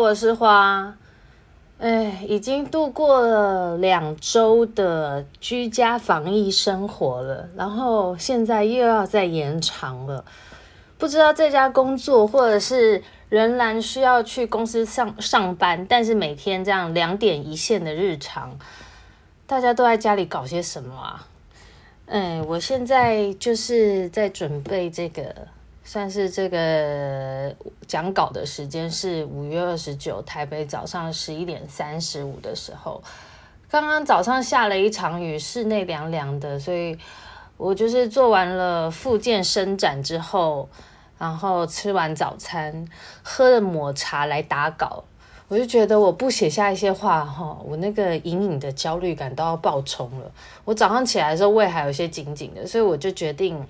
我是花，哎，已經度過了兩周的居家防疫生活了，然後現在又要再延長了，不知道在家工作或者是仍然需要去公司上上班，但是每天這樣兩點一線的日常，大家都在家裡搞些什麼啊？哎，我現在就是在準備這個。算是這個講稿的時間是五月二十九，台北早上十一點三十五的時候。剛剛早上下了一場雨，室內涼涼的，所以我就是做完了復健伸展之後，然後吃完早餐，喝了抹茶來打稿。我就覺得我不寫下一些話，哈，我那個隱隱的焦慮感都要爆衝了。我早上起來的時候胃還有些緊緊的，所以我就決定。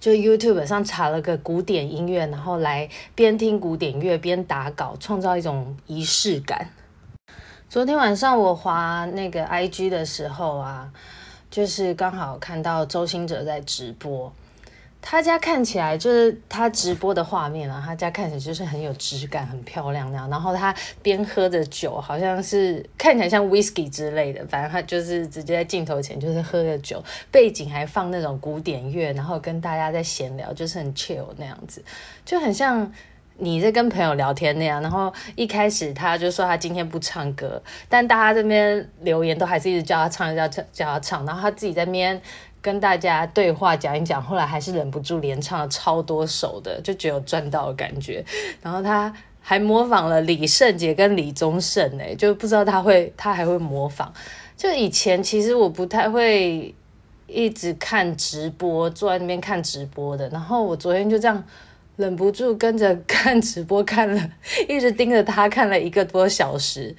就 YouTube 上查了個古典音樂，然後來邊聽古典樂邊打稿，創造一種儀式感。昨天晚上我滑那個 IG 的時候啊，就是剛好看到周興哲在直播。他家看起來就是他直播的畫面啊，他家看起來就是很有質感、很漂亮那樣。然後他邊喝着酒，好像是看起來像 whisky 之類的，反正他就是直接在鏡頭前就是喝着酒，背景還放那種古典樂，然後跟大家在閒聊，就是很 chill 那樣子，就很像你在跟朋友聊天那樣。然後一開始他就說他今天不唱歌，但大家這邊留言都還是一直叫他唱、叫唱、叫他唱，然後他自己在那邊。跟大家對話講一講，後來還是忍不住連唱了超多首的，就覺得有賺到的感覺。然後他還模仿了李聖傑跟李宗盛哎，就不知道他會他還會模仿。就以前其實我不太會一直看直播，坐在那邊看直播的。然後我昨天就這樣忍不住跟着看直播，看了一直盯着他看了一個多小時。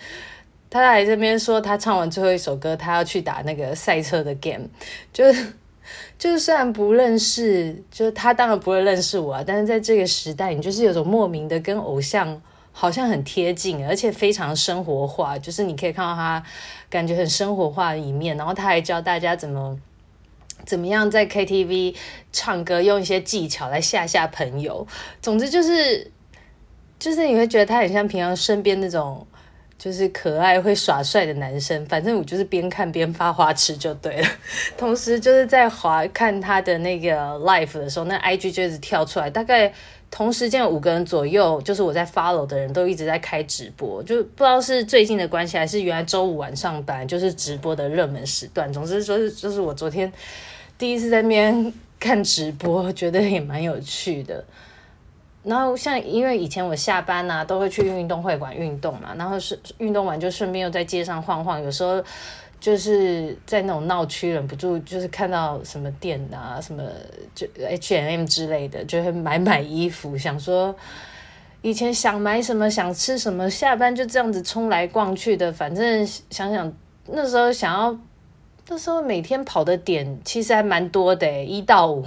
他來這邊說，他唱完最後一首歌，他要去打那個賽車的 game，就是就是雖然不認識，就是他當然不會認識我啊，但是在這個時代，你就是有種莫名的跟偶像好像很貼近，而且非常生活化，就是你可以看到他感覺很生活化的一面，然後他還教大家怎麼怎麼樣在 KTV 唱歌，用一些技巧來嚇嚇朋友，總之就是，就是就是你會覺得他很像平常身邊那種。就是可愛會耍帥的男生，反正我就是邊看邊發花痴就對了。同時就是在滑看他的那個 live 的時候，那 IG 就一直跳出來，大概同時間五個人左右，就是我在 follow 的人都一直在開直播，就不知道是最近的關係，還是原來周五晚上本來就是直播的熱門時段。總之說、就是，就是我昨天第一次在那邊看直播，覺得也蠻有趣的。然後像因為以前我下班吶、啊、都會去運動會館運動嘛，然後是運動完就順便又在街上晃晃，有時候就是在那種鬧區忍不住就是看到什麼店吶、啊、什麼就 H&M 之類的就會買買衣服，想說以前想買什麼想吃什麼下班就這樣子衝來逛去的，反正想想那時候想要那時候每天跑的點其實還蠻多的，一到五。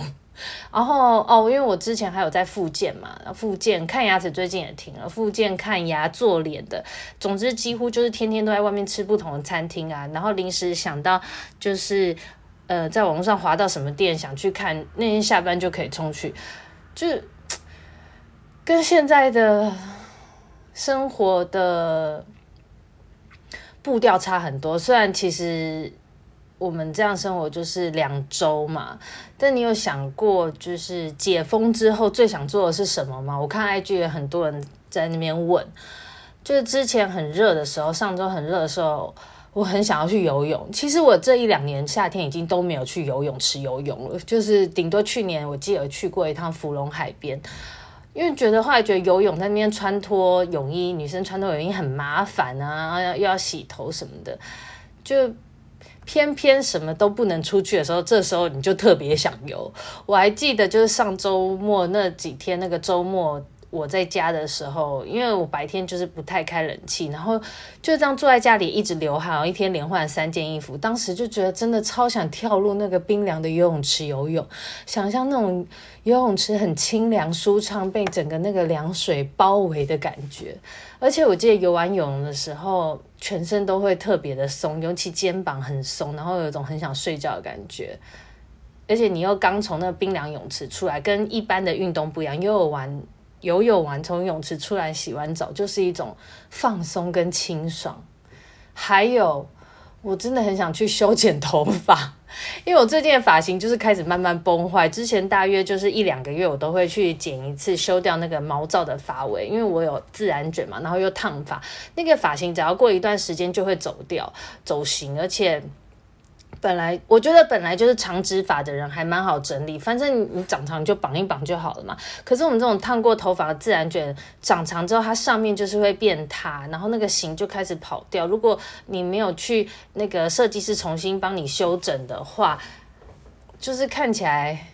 然後哦，因為我之前還有在復健嘛，復健、看牙齒，最近也停了，復健、看牙、做臉的，總之幾乎就是天天都在外面吃不同的餐廳啊，然後臨時想到就是呃在網上滑到什麼店想去看，那天下班就可以衝去，就跟現在的生活的步調差很多，雖然其實。我們這樣生活就是兩周嘛，但你有想過，就是解封之後最想做的是什麼嗎？我看 IG 也很多人在那邊問，就是之前很熱的時候，上周很熱的時候，我很想要去游泳。其實我這一兩年夏天已經都沒有去游泳池游泳了，就是頂多去年我記得去過一趟芙蓉海邊，因為覺得後來覺得游泳在那邊穿脫泳衣，女生穿脫泳衣很麻煩啊，又要洗頭什麼的，就。偏偏什麼都不能出去的時候，這時候你就特別想游。我還記得，就是上周末那幾天，那個周末。我在家的時候，因為我白天就是不太開冷氣，然後就這樣坐在家裡一直流汗，然後一天連換三件衣服。當時就覺得真的超想跳入那個冰涼的游泳池游泳，想象那種游泳池很清涼舒暢，被整個那個涼水包圍的感覺。而且我記得游完泳的時候，全身都會特別的鬆，尤其肩膀很鬆，然後有一種很想睡覺的感覺。而且你又剛從那個冰涼泳池出來，跟一般的運動不一樣，因為我玩。游泳完從泳池出來洗完澡，就是一種放鬆跟清爽。還有我真的很想去修剪頭髮，因為我最近的髮型就是開始慢慢崩壞。之前大約就是一兩個月我都會去剪一次，修掉那個毛躁的髮尾，因為我有自然卷嘛，然後又燙髮，那個髮型只要過一段時間就會走掉，走形，而且，本來我覺得本來就是長直髮的人還蠻好整理，反正你長長就綁一綁就好了嘛。可是我們這種燙過頭髮、自然捲長長之後，它上面就是會變塌，然後那個型就開始跑掉。如果你沒有去那個設計師重新幫你修整的話，就是看起來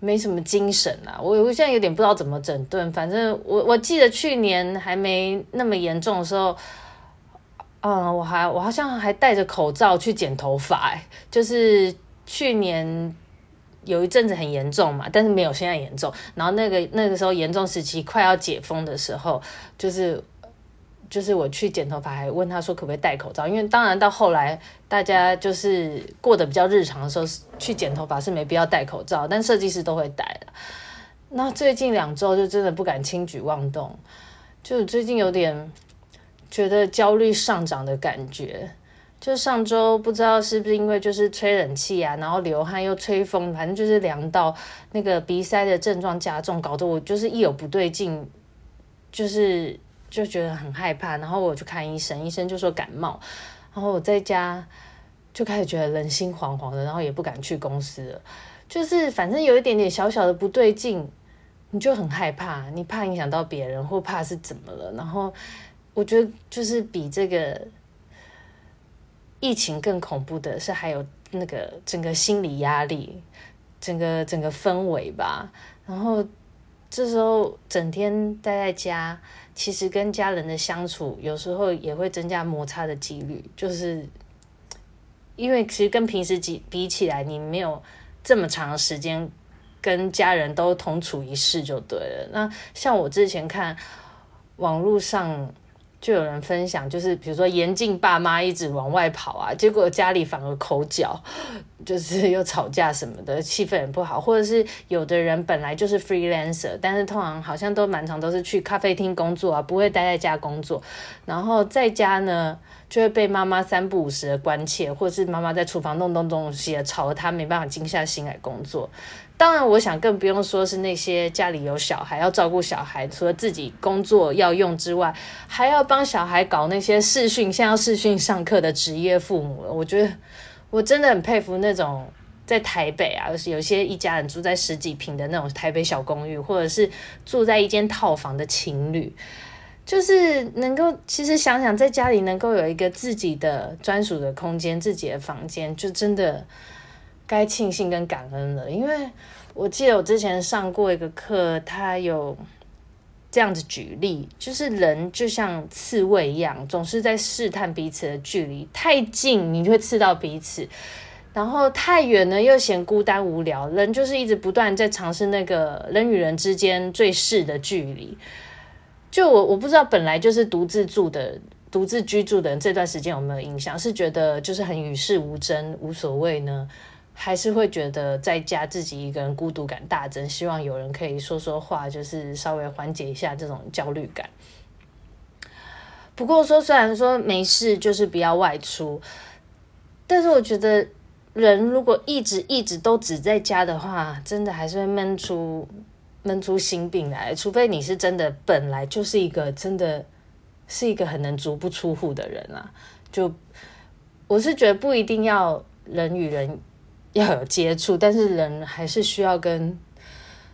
沒什麼精神啦、啊。我我現在有點不知道怎麼整頓，反正我我記得去年還沒那麼嚴重的時候。嗯，我還我好像還戴着口罩去剪頭髮，欸，就是去年有一陣子很嚴重嘛，但是沒有現在嚴重。然後那個那個時候嚴重時期快要解封的時候，就是就是我去剪頭髮，還問他說可不可以戴口罩，因為當然到後來大家就是過得比較日常的時候，去剪頭髮是沒必要戴口罩，但設計師都會戴的。那最近兩週就真的不敢輕舉妄動，就最近有點。覺得焦慮上漲的感覺，就上周不知道是不是因為就是吹冷氣啊，然後流汗又吹風，反正就是涼到那個鼻塞的症狀加重，搞得我就是一有不對勁，就是就覺得很害怕，然後我去看醫生，醫生就說感冒，然後我在家就開始覺得人心惶惶的，然後也不敢去公司了，就是反正有一點點小小的不對勁，你就很害怕，你怕影響到別人，或怕是怎麼了，然後。我覺得就是比這個疫情更恐怖的是，還有那個整個心理壓力，整個整個氛圍吧。然後這時候整天待在家，其實跟家人的相處有時候也會增加摩擦的幾率，就是因為其實跟平時比起來，你沒有這麼長時間跟家人都同處一室就對了。那像我之前看網絡上。就有人分享，就是比如說嚴禁爸媽一直往外跑啊，結果家裡反而口角，就是又吵架什麼的，氣氛也不好。或者是有的人本來就是 freelancer，但是通常好像都蠻常都是去咖啡廳工作啊，不會待在家工作。然後在家呢，就會被媽媽三不五時的關切，或者是媽媽在廚房弄東弄西的，吵得她沒辦法靜下心來工作。當然，我想更不用說是那些家裡有小孩要照顧小孩，除了自己工作要用之外，還要幫小孩搞那些視訊，像要視訊上課的職業父母了。我覺得我真的很佩服那種在台北啊，有些一家人住在十幾坪的那種台北小公寓，或者是住在一間套房的情侶，就是能夠其實想想在家裡能夠有一個自己的專屬的空間，自己的房間，就真的。該慶幸跟感恩了，因為我記得我之前上過一個課，他有這樣子舉例，就是人就像刺蝟一樣，總是在試探彼此的距離，太近你會刺到彼此，然後太遠呢又嫌孤單無聊，人就是一直不斷在嘗試那個人與人之間最適的距離。就我我不知道，本來就是獨自住的、獨自居住的人，這段時間有沒有影響？是覺得就是很與世無爭，無所謂呢？還是會覺得在家自己一個人孤獨感大增，希望有人可以說說話，就是稍微緩解一下這種焦慮感。不過說，雖然說沒事，就是不要外出，但是我覺得人如果一直一直都只在家的話，真的還是會悶出悶出心病來，除非你是真的本來就是一個真的是一個很能足不出戶的人啊，就我是覺得不一定要人與人。要有接觸，但是人還是需要跟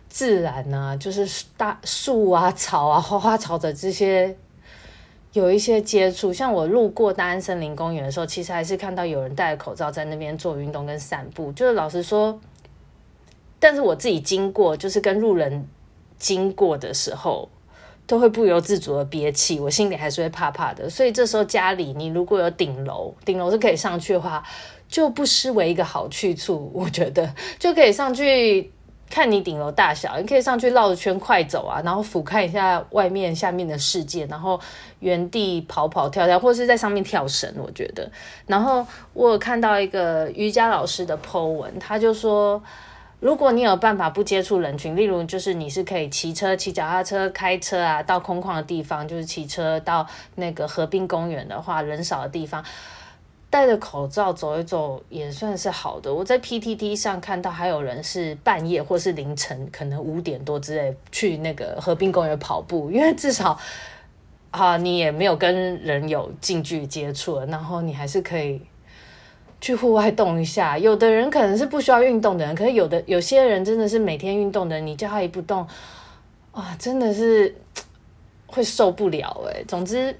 自然吶、啊，就是大樹啊、草啊、花花草的這些有一些接觸。像我路過大安森林公園的時候，其實還是看到有人戴了口罩在那邊做運動跟散步。就是老實說，但是我自己經過，就是跟路人經過的時候。都會不由自主的憋氣，我心裡還是會怕怕的。所以這時候家裡你如果有頂樓，頂樓是可以上去的話，就不失為一個好去處。我覺得就可以上去看你頂樓大小，你可以上去繞着圈快走啊，然後俯瞰一下外面下面的世界，然後原地跑跑跳跳，或是在上面跳繩。我覺得。然後我有看到一個瑜伽老師的 po 文，他就說。如果你有辦法不接觸人群，例如就是你是可以騎車、騎腳踏車、開車啊，到空曠的地方，就是騎車到那個河濱公園的話，人少的地方，戴着口罩走一走也算是好的。我在 PTT 上看到還有人是半夜或是凌晨，可能五點多之類去那個河濱公園跑步，因為至少啊你也沒有跟人有近距離接觸了，然後你還是可以。去戶外動一下，有的人可能是不需要運動的人，可是有的有些人真的是每天運動的人，你叫他一不動，哇，真的是會受不了欸，總之，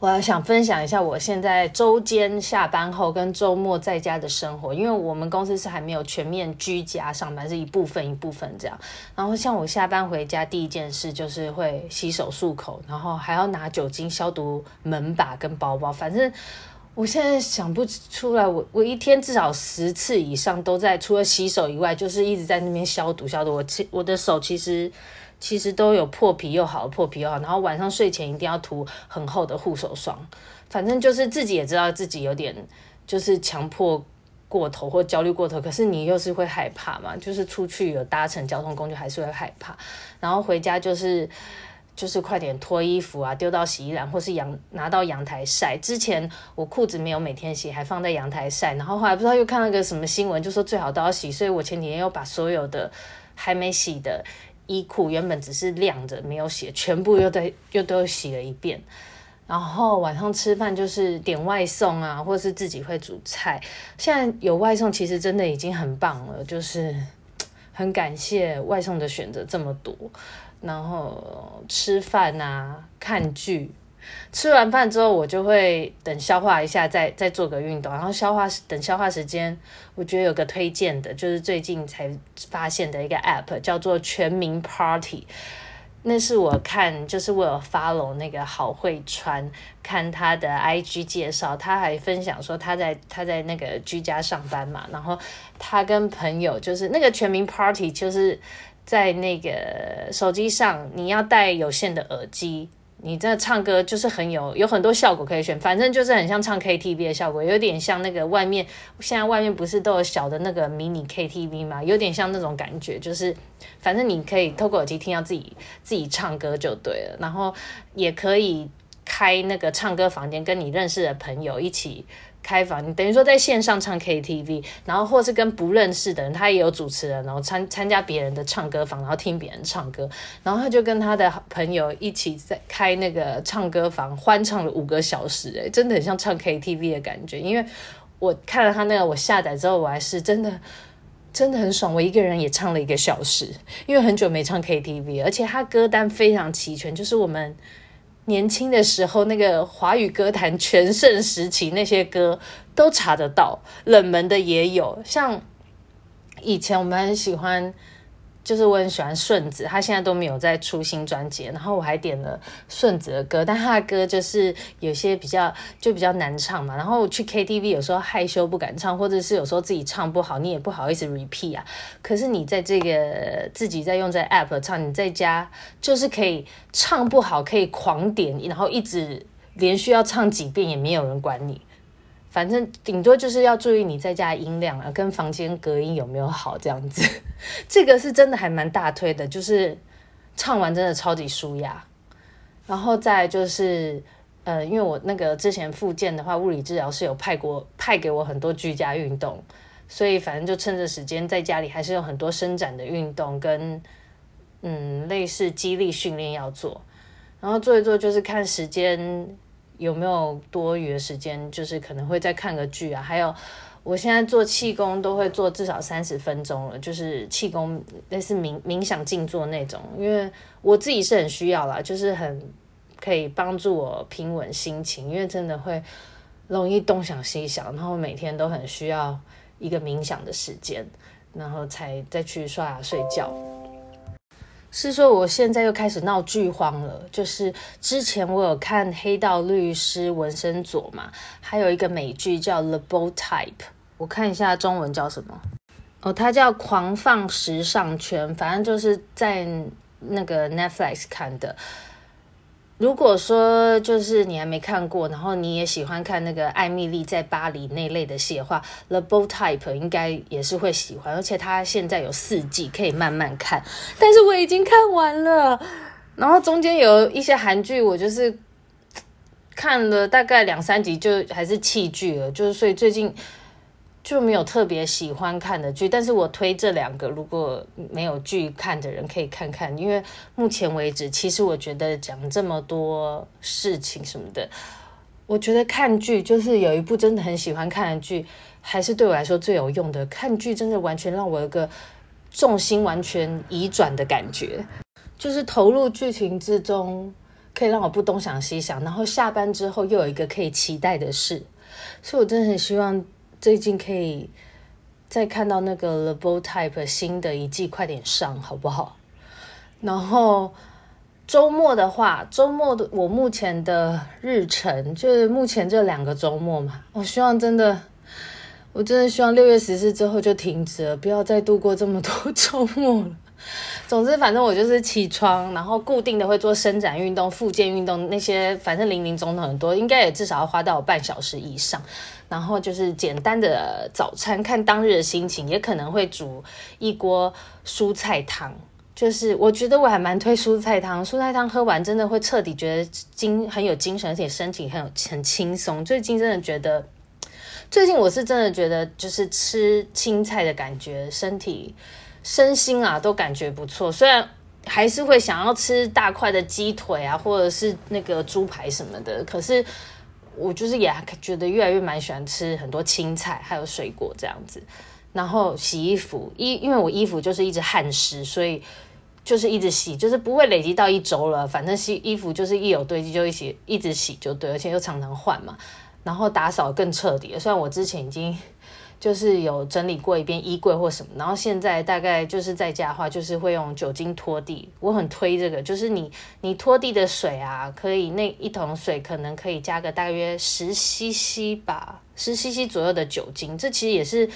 我要想分享一下我現在週間下班後跟週末在家的生活，因為我們公司是還沒有全面居家上班，是一部分一部分這樣。然後像我下班回家第一件事就是會洗手漱口，然後還要拿酒精消毒門把跟包包，反正，我現在想不出來我，我我一天至少十次以上都在，除了洗手以外，就是一直在那邊消毒消毒。消毒我其我的手其實其實都有破皮，又好破皮又好。然後晚上睡前一定要塗很厚的護手霜，反正就是自己也知道自己有點就是強迫過頭或焦慮過頭，可是你又是會害怕嘛，就是出去有搭乘交通工具還是會害怕，然後回家就是。就是快點脫衣服啊，丟到洗衣籃，或是陽拿到陽台曬。之前我褲子沒有每天洗，還放在陽台曬。然後後來不知道又看了個什麼新聞，就說最好都要洗。所以我前幾天又把所有的還沒洗的衣褲，原本只是晾着沒有洗，全部又在又都洗了一遍。然後晚上吃飯就是點外送啊，或是自己會煮菜。現在有外送，其實真的已經很棒了，就是很感謝外送的選擇這麼多。然後吃飯啊，看劇。吃完飯之後，我就會等消化一下再，再再做個運動。然後消化，等消化時間，我覺得有個推薦的，就是最近才發現的一個 app，叫做全民 Party。那是我看，就是我有 follow 那個郝慧川，看他的 IG 介紹，他還分享說他在他在那個居家上班嘛，然後他跟朋友就是那個全民 Party 就是。在那個手機上你，你要戴有線的耳機，你在唱歌就是很有有很多效果可以選，反正就是很像唱 KTV 的效果，有點像那個外面現在外面不是都有小的那個迷你 KTV 嗎？有點像那種感覺，就是反正你可以透過耳機聽到自己自己唱歌就對了，然後也可以開那個唱歌房間，跟你認識的朋友一起。開房，你等於說在線上唱 KTV，然後或是跟不認識的人，他也有主持人，然後參參加別人的唱歌房，然後聽別人唱歌，然後他就跟他的朋友一起在開那個唱歌房，歡唱了五個小時，欸，誒，真的很像唱 KTV 的感覺。因為我看了他那個，我下載之後，我還是真的真的很爽，我一個人也唱了一個小時，因為很久沒唱 KTV，而且他歌單非常齊全，就是我們。年輕的時候，那個華語歌壇全盛時期，那些歌都查得到，冷門的也有，像以前我們很喜歡。就是我很喜歡順子，他現在都沒有再出新專輯，然後我還點了順子的歌，但他的歌就是有些比較就比較難唱嘛。然後去 KTV 有時候害羞不敢唱，或者是有時候自己唱不好，你也不好意思 repeat 啊。可是你在這個自己在用在 app 唱，你在家就是可以唱不好，可以狂點，然後一直連續要唱幾遍也沒有人管你。反正頂多就是要注意你在家的音量啊，跟房間隔音有沒有好這樣子， 這個是真的還蠻大推的，就是唱完真的超級舒壓。然後再就是，呃，因為我那個之前復健的話，物理治療師有派過派給我很多居家運動，所以反正就趁着時間在家裡還是有很多伸展的運動跟嗯類似肌力訓練要做，然後做一做就是看時間。有沒有多餘的時間，就是可能會再看個劇啊，還有，我現在做氣功都會做至少三十分鐘了，就是氣功類似冥冥想靜坐那種，因為我自己是很需要啦，就是很可以幫助我平穩心情，因為真的會容易東想西想，然後每天都很需要一個冥想的時間，然後才再去刷牙睡覺。是說我現在又開始鬧劇荒了，就是之前我有看《黑道律師文森佐》嘛，還有一個美劇叫《The Bold Type》，我看一下中文叫什麼？哦，它叫《狂放時尚圈》，反正就是在那個 Netflix 看的。如果說就是你還沒看過，然後你也喜歡看那個《艾米麗在巴黎》那類的戲的話，《The Bold Type》應該也是會喜歡，而且它現在有四季，可以慢慢看。但是我已經看完了，然後中間有一些韓劇，我就是看了大概兩三集就還是棄劇了，就是所以最近。就沒有特別喜歡看的劇，但是我推這兩個，如果沒有劇看的人可以看看，因為目前為止，其實我覺得講這麼多事情什麼的，我覺得看劇就是有一部真的很喜歡看的劇，還是對我來說最有用的。看劇真的完全讓我有個重心完全移轉的感覺，就是投入劇情之中，可以讓我不東想西想，然後下班之後又有一個可以期待的事，所以我真的很希望。最近可以再看到那個《The Bold Type》新的一季，快點上好不好？然後周末的話，周末的我目前的日程就是目前這兩個周末嘛。我希望真的，我真的希望六月十四之後就停止了，不要再度過這麼多周末了。總之，反正我就是起床，然後固定的會做伸展運動、復健運動那些，反正零零總總很多，應該也至少要花到半小時以上。然後就是簡單的早餐，看當日的心情，也可能會煮一鍋蔬菜湯。就是我覺得我還蠻推蔬菜湯，蔬菜湯喝完真的會徹底覺得精很，很有精神，而且身體很有很輕鬆。最近真的覺得，最近我是真的覺得，就是吃青菜的感覺，身體。身心啊都感覺不錯，雖然還是會想要吃大塊的雞腿啊，或者是那個豬排什麼的，可是我就是也覺得越來越蠻喜歡吃很多青菜，還有水果這樣子。然後洗衣服，衣因為我衣服就是一直汗濕，所以就是一直洗，就是不會累積到一周了。反正洗衣服就是一有堆積就一起一直洗就對，而且又常常換嘛，然後打掃更徹底。雖然我之前已經。就是有整理過一遍衣櫃或什麼，然後現在大概就是在家的話，就是會用酒精拖地。我很推這個，就是你你拖地的水啊，可以那一桶水可能可以加個大約十 CC 吧，十 CC 左右的酒精。這其實也是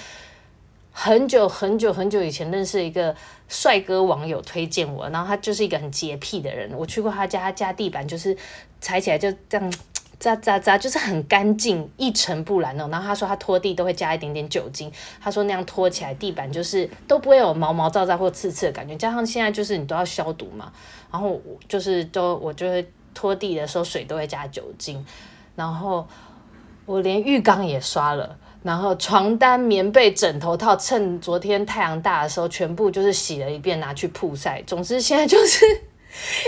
很久很久很久以前認識一個帥哥網友推薦我，然後他就是一個很潔癖的人。我去過他家，他家地板就是踩起來就這樣。渣渣渣，就是很乾淨，一塵不染的。然後他說他拖地都會加一點點酒精，他說那樣拖起來地板就是都不會有毛毛躁躁或刺刺的感覺。加上現在就是你都要消毒嘛，然後我就是都我就會拖地的時候水都會加酒精，然後我連浴缸也刷了，然後床單、棉被、枕頭套，趁昨天太陽大的時候全部就是洗了一遍，拿去曝曬。總之現在就是。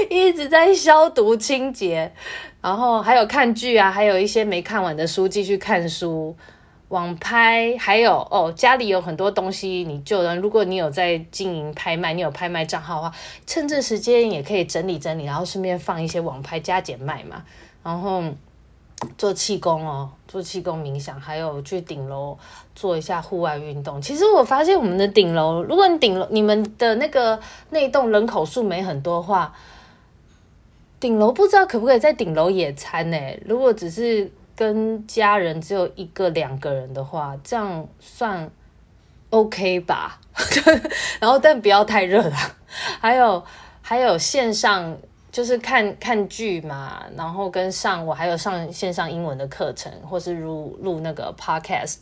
一直在消毒清潔，然後還有看劇啊，還有一些沒看完的書繼續看書，網拍還有哦，家裡有很多東西，你就能，如果你有在經營拍賣，你有拍賣賬號的話，趁這時間也可以整理整理，然後順便放一些網拍加減賣嘛，然後。做氣功哦，做氣功冥想，還有去頂樓做一下戶外運動。其實我發現我們的頂樓，如果你頂樓你們的那個那棟人口數沒很多的話，頂樓不知道可不可以在頂樓野餐呢、欸？如果只是跟家人只有一個兩個人的話，這樣算 OK 吧？ 然後但不要太熱了。還有還有線上。就是看看劇嘛，然後跟上我還有上線上英文的課程，或是錄錄那個 podcast，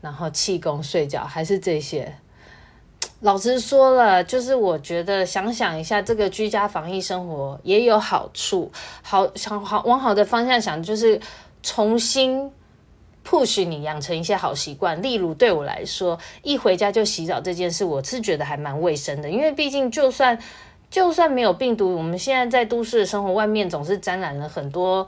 然後氣功、睡覺還是這些。老實說了，就是我覺得想想一下，這個居家防疫生活也有好處。好想好往好的方向想，就是重新 push 你養成一些好習慣。例如對我來說，一回家就洗澡這件事，我是覺得還蠻衛生的，因為畢竟就算。就算沒有病毒，我們現在在都市的生活，外面總是沾染了很多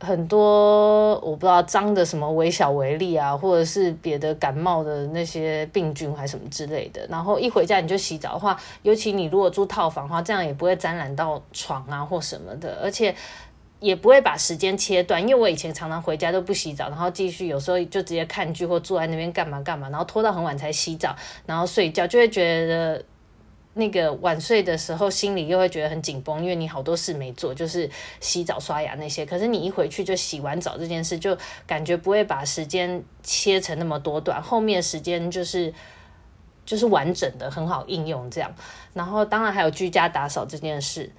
很多，我不知道髒的什麼微小微粒啊，或者是別的感冒的那些病菌還是什麼之類的。然後一回家你就洗澡的話，尤其你如果住套房的話，這樣也不會沾染到床啊或什麼的，而且也不會把時間切斷。因為我以前常常回家都不洗澡，然後繼續有時候就直接看劇或坐在那邊幹嘛幹嘛，然後拖到很晚才洗澡，然後睡覺就會覺得。那個晚睡的時候，心裡又會覺得很緊繃，因為你好多事沒做，就是洗澡、刷牙那些。可是你一回去就洗完澡這件事，就感覺不會把時間切成那麼多段，後面時間就是就是完整的，很好應用這樣。然後當然還有居家打掃這件事，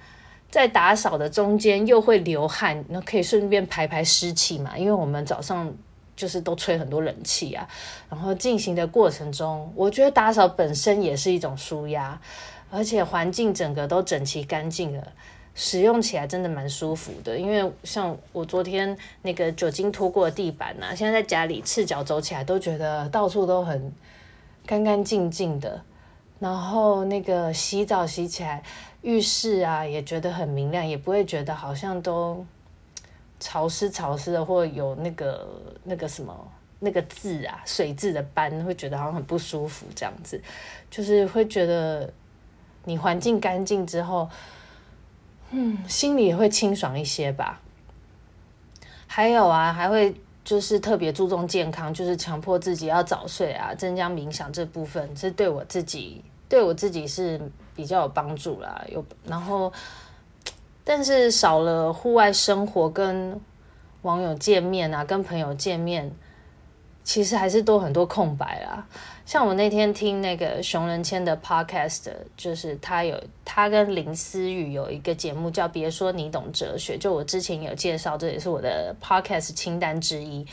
在打掃的中間又會流汗，那可以順便排排濕氣嘛。因為我們早上。就是都吹很多冷氣啊，然後進行的過程中，我覺得打掃本身也是一種舒壓，而且環境整個都整齊乾淨了，使用起來真的蠻舒服的。因為像我昨天那個酒精拖過的地板啊，現在在家裡赤腳走起來都覺得到處都很乾干淨淨的，然後那個洗澡洗起來，浴室啊也覺得很明亮，也不會覺得好像都。潮濕潮濕的，或有那個那個什麼那個漬啊，水漬的斑，會覺得好像很不舒服這樣子，就是會覺得你環境乾淨之後，嗯，心裡也會清爽一些吧。還有啊，還會就是特別注重健康，就是強迫自己要早睡啊，增加冥想這部分是對我自己，對我自己是比較有幫助啦。有然後。但是少了戶外生活，跟網友見面啊，跟朋友見面，其實還是多很多空白啦。像我那天聽那個熊仁謙的 podcast，就是他有他跟林思雨有一個節目叫《別說你懂哲學》，就我之前有介紹，這也是我的 podcast 清單之一。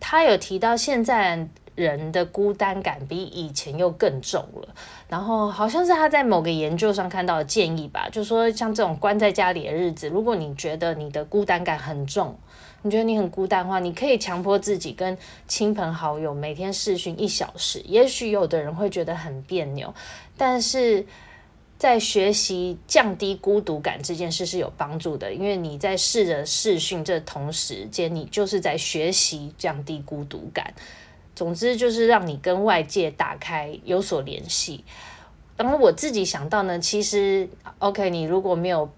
他有提到現在。人的孤單感比以前又更重了。然後好像是他在某個研究上看到的建議吧，就說像這種關在家裡的日子，如果你覺得你的孤單感很重，你覺得你很孤單的話，你可以強迫自己跟親朋好友每天視訊一小時。也許有的人會覺得很彆扭，但是在學習降低孤獨感這件事是有幫助的，因為你在試着視訊這同時間，你就是在學習降低孤獨感。總之就是讓你跟外界打開有所聯繫，然後我自己想到呢，其實 OK，你如果沒有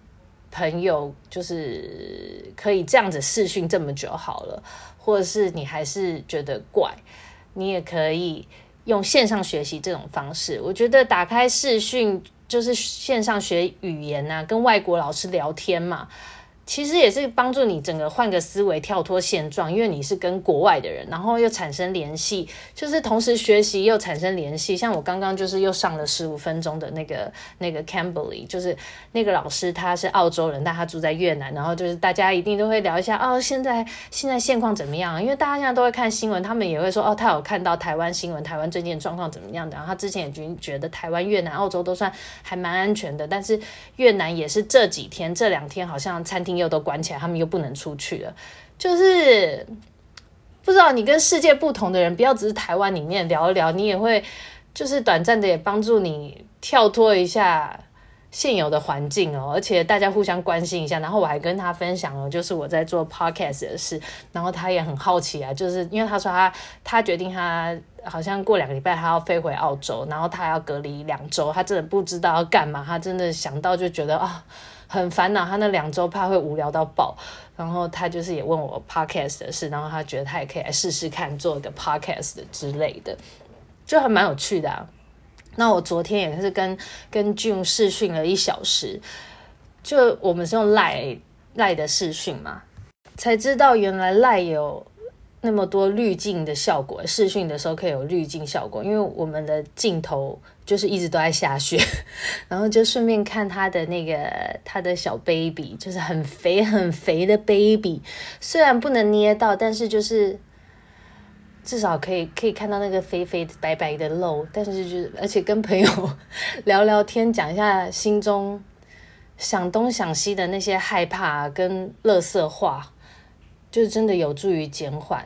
朋友，就是可以這樣子視訊這麼久好了，或者是你還是覺得怪，你也可以用線上學習這種方式。我覺得打開視訊就是線上學語言啊，跟外國老師聊天嘛。其實也是幫助你整個換個思維，跳脫現狀，因為你是跟國外的人，然後又產生聯繫，就是同時學習又產生聯繫。像我剛剛就是又上了十五分鐘的那個那個 Cambly，就是那個老師他是澳洲人，但他住在越南，然後就是大家一定都會聊一下哦，現在現在現況怎麼樣啊？因為大家現在都會看新聞，他們也會說哦，他有看到台灣新聞，台灣最近的狀況怎麼樣？然後他之前也覺覺得台灣、越南、澳洲都算還蠻安全的，但是越南也是這幾天這兩天好像餐廳。又都關起來，他們又不能出去了，就是不知道你跟世界不同的人，不要只是台灣裡面聊一聊，你也會就是短暫的也幫助你跳脫一下現有的環境哦，而且大家互相關心一下。然後我還跟他分享了，就是我在做 podcast 的事，然後他也很好奇啊，就是因為他說他他決定他好像過兩個禮拜他要飛回澳洲，然後他要隔離兩週，他真的不知道要幹嘛，他真的想到就覺得啊。哦很煩惱，他那兩周怕會無聊到爆，然後他就是也問我 podcast 的事，然後他覺得他也可以來試試看，做一個 podcast 的之類的，就還蠻有趣的啊。那我昨天也是跟跟 June 視訊了一小時，就我們是用賴賴的視訊嘛，才知道原來賴有那麼多濾鏡的效果，視訊的時候可以有濾鏡效果，因為我們的鏡頭。就是一直都在下雪，然後就順便看他的那個他的小 baby，就是很肥很肥的 baby，雖然不能捏到，但是就是至少可以可以看到那個肥肥白白的肉，但是就是而且跟朋友聊聊天，講一下心中想東想西的那些害怕跟垃圾話，就是真的有助於減緩。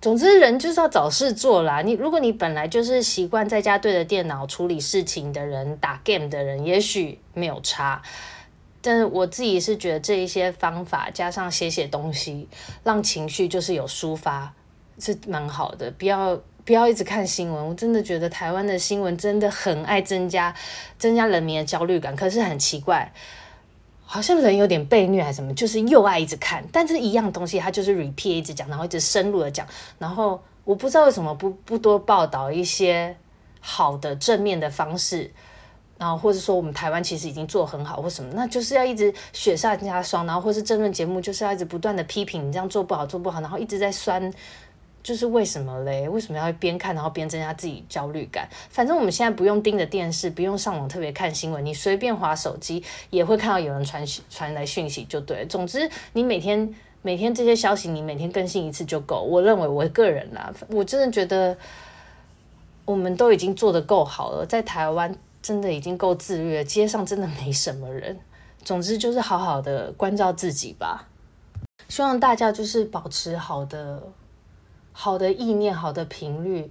總之，人就是要找事做啦。你如果你本來就是習慣在家對着電腦處理事情的人，打 game 的人，也許沒有差。但是我自己是覺得這一些方法加上寫寫東西，讓情緒就是有抒發，是蠻好的。不要不要一直看新聞，我真的覺得台灣的新聞真的很愛增加增加人民的焦慮感，可是很奇怪。好像人有點被虐還是什麼，就是又愛一直看，但是一樣東西他就是 repeat 一直講，然後一直深入的講，然後我不知道為什麼不不多報道一些好的正面的方式，然後或者說我們台灣其實已經做很好或什麼，那就是要一直雪上加霜，然後或是政論節目就是要一直不斷的批評你這樣做不好做不好，然後一直在酸。就是為什麼嘞？為什麼要邊看然後邊增加自己焦慮感？反正我們現在不用盯着電視，不用上網特別看新聞，你隨便滑手機也會看到有人傳傳來訊息，就對。總之，你每天每天這些消息，你每天更新一次就夠。我認為我個人呢、啊，我真的覺得我們都已經做得夠好了，在台灣真的已經夠自律了，街上真的沒什麼人。總之就是好好的關照自己吧，希望大家就是保持好的。好的意念，好的頻率，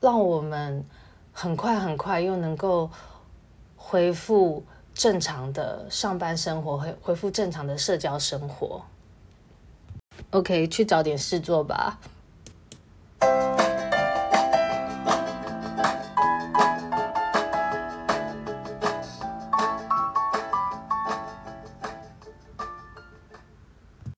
讓我們很快很快又能夠恢復正常的上班生活，恢恢復正常的社交生活。OK，去找點事做吧。